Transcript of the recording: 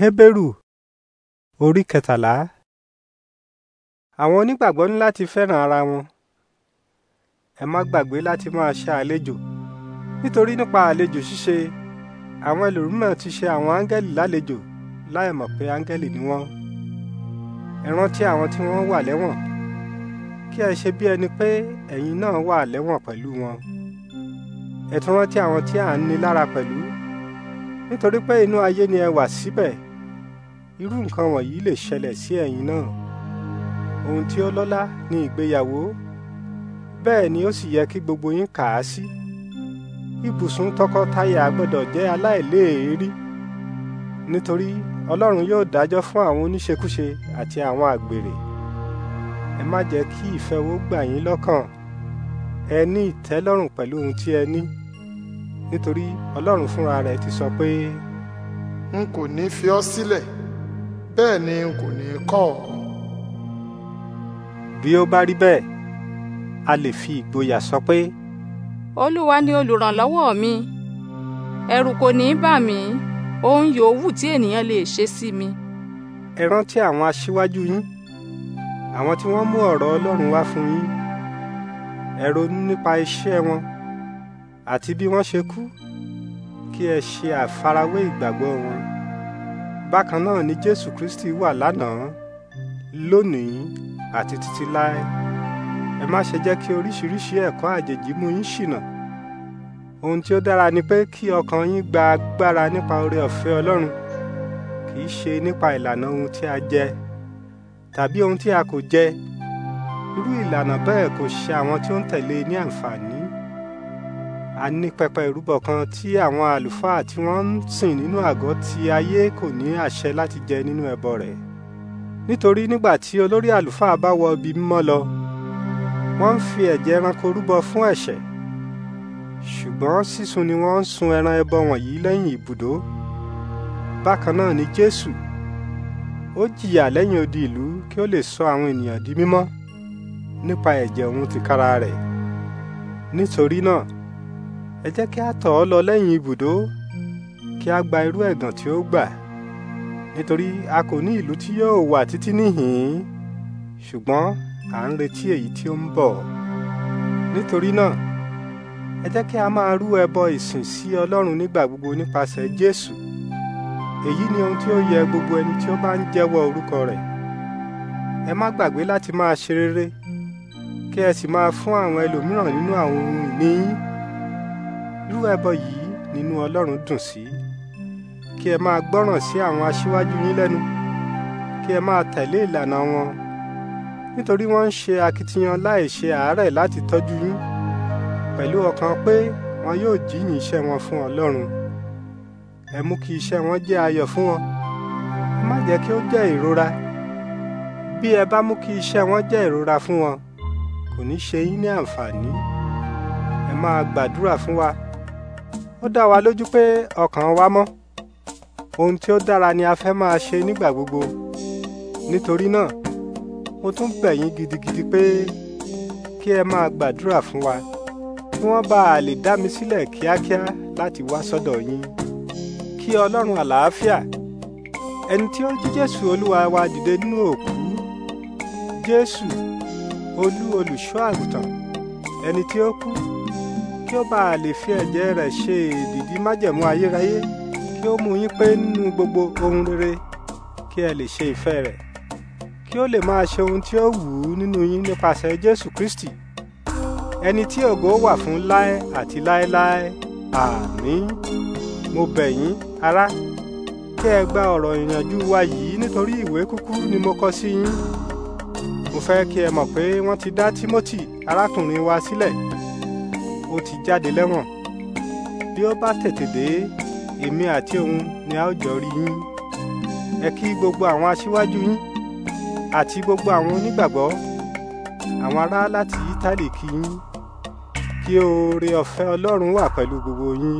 Hébérù orí kẹtàlá àwọn onígbàgbọ́ ní láti fẹ́ràn ara wọn ẹ má gbàgbé láti máa ṣe àlejò nítorí nípa àlejò ṣíṣe àwọn ẹlòmíràn ti ṣe àwọn áńgẹ́lì lálejò láì mọ̀ pé áńgẹ́lì ni wọ́n ẹ rántí àwọn tí wọ́n wà lẹ́wọ̀n kí ẹ ṣe bí ẹni pé ẹ̀yin náà wà lẹ́wọ̀n pẹ̀lú wọn ẹ tún rántí àwọn tí à ń ní lára pẹ̀lú nítorí pé inú ayé ni ẹ wà síbẹ̀. Si irú nǹkan wọ̀nyí lè ṣẹlẹ̀ sí ẹ̀yin náà ohun tí ó lọ́lá ni ìgbéyàwó bẹ́ẹ̀ ni ó sì yẹ kí gbogbo yín kà á sí ibùsùn tọkọtaya gbọ́dọ̀ jẹ́ aláìléèérí nítorí ọlọ́run yóò dájọ́ fún àwọn oníṣekúṣe àti àwọn àgbèrè ẹ má jẹ́ kí ìfẹ́ wo gbà yín lọ́kàn ẹ ní ìtẹ́lọ́rùn pẹ̀lú ohun tí ẹ ní nítorí ọlọ́run fúnra rẹ̀ ti sọ pé. n kò ní fi ọ́ sílẹ̀. Si bẹ́ẹ̀ ni n kò ní kọ̀ ọ́. bí ó bá rí bẹ́ẹ̀ a lè fi ìgboyà sọ pé. olúwa ni olùrànlọ́wọ́ mi ẹ̀rù kò ní bà mí ohun yòówù tí ènìyàn lè ṣe sí mi. ẹ rántí àwọn aṣíwájú yín àwọn tí wọ́n mú ọ̀rọ̀ ọlọ́run wá fún yín ẹ ronú nípa iṣẹ́ wọn àti bí wọ́n ṣe kú kí ẹ ṣe àfarawé ìgbàgbọ́ wọn bákan náà ni jésù kristi wà lánàá lónìí àti títí láé ẹ má ṣe jẹ́ kí oríṣiríṣi ẹ̀kọ́ àjèjì mú yín ṣìnà ohun tí ó dára ni pé kí ọkàn yín gba agbára nípa oore ọ̀fẹ́ ọlọ́run kì í ṣe nípa ìlànà ohun tí a jẹ tàbí ohun tí a kò jẹ irú ìlànà bẹ́ẹ̀ kò ṣe àwọn tí ó ń tẹ̀lé e ní àǹfààní a ní pẹpẹ ìrúbọ kan tí àwọn àlùfáà tí wọ́n ń sìn nínú àgọ́ ti ayé kò ní àṣẹ láti jẹ nínú ẹbọ rẹ̀ nítorí nígbà tí olórí àlùfáà bá wọ ibi mímọ́ lọ wọ́n ń fi ẹ̀jẹ̀ ẹranko rúbọ fún ẹ̀ṣẹ̀ ṣùgbọ́n sísun ni wọ́n ń sun ẹran ẹbọ wọ̀nyí lẹ́yìn ibùdó bákan náà ni Jésù ó jìyà lẹ́yìn odi ìlú kí ó lè sọ àwọn ènìyàn di mímọ́ nípa ẹ̀jẹ̀ òun tìkára rẹ̀ nítorí náà ẹ jẹ́ kí a tọ̀ ọ́ lọ lẹ́yìn ibùdó kí a gba irú ẹ̀gàn tí ó gbà nítorí a kò ní ìlú tí yóò wà títí níhìn-ín ṣùgbọ́n à ń retí èyí tí ó ń bọ̀ nítorí náà ẹ jẹ́ kí a máa rú ẹbọ ìsìn sí Ọlọ́run nígbà gbogbo nípasẹ̀ Jésù èyí ni ohun tí ó yẹ gbogbo ẹni tí ó bá ń jẹ́wọ́ orúkọ rẹ̀ ẹ má gbàgbé láti máa ṣe rere kí ẹ sì máa fún àwọn ẹlòmíràn nínú àwọn ohun ìní yín irú ẹbọ yìí nínú Ọlọ́run dùn sí kí ẹ máa gbọ́ràn sí àwọn aṣíwájú yín lẹ́nu kí ẹ máa tẹ̀lé ìlànà wọn nítorí wọ́n ń ṣe akitiyan láì ṣe àárẹ̀ láti tọ́jú yín pẹ̀lú ọkàn pé wọn yóò jíyìn iṣẹ́ wọn fún Ọlọ́run ẹ mú kí iṣẹ́ wọn jẹ́ ayọ̀ fún wọn ẹ má jẹ́ kí ó jẹ́ ìrora bí ẹ bá mú kí iṣẹ́ wọn jẹ́ ìrora fún wọn kò ní ṣe yín ní àǹfààní ẹ máa gbàdúrà fún wa ó dá wa lójú pé ọkàn wa mọ́ ohun tí ó dára ni a fẹ́ máa ṣe nígbà gbogbo nítorí náà mo tún bẹ̀ yín gidigidi pé kí ẹ máa gbàdúrà fún wa kí wọ́n bá a lè dá mi sílẹ̀ kíákíá láti wá sọ́dọ̀ yín kí ọlọ́run àlàáfíà ẹni tí ó jí jésù olúwa wa dìde nínú òkú jésù olú olùṣọ́ àgùntàn ẹni tí ó kú kí ó bàa lè fi ẹ̀jẹ̀ rẹ̀ ṣe èdìdí májẹ̀mú ayérayé kí ó mú yín pé nínú gbogbo ohun rere kí ẹ lè ṣe ìfẹ́ rẹ̀ kí ó lè máa ṣe ohun tí ó wù ú nínú yín nípasẹ̀ Jésù Kristi ẹni tí ògo wà fún láé àti láéláé àmín mo bẹ̀ yín ará kí ẹ gba ọ̀rọ̀ ìyànjú wa yìí nítorí ìwé kúkúrú ni mo kọ sí yín mo fẹ́ kí ẹ mọ̀ pé wọ́n ti dá Timothy arákùnrin wa sílẹ̀ ó ti jáde lẹ́wọ̀n bí ó bá tètè dé èmi àti òun ni a ó jọ rí yín ẹ kí gbogbo àwọn aṣíwájú yín àti gbogbo àwọn onígbàgbọ́ àwọn ará láti Ítálì kí yín kí oore ọ̀fẹ́ Ọlọ́run wà pẹ̀lú gbogbo yín.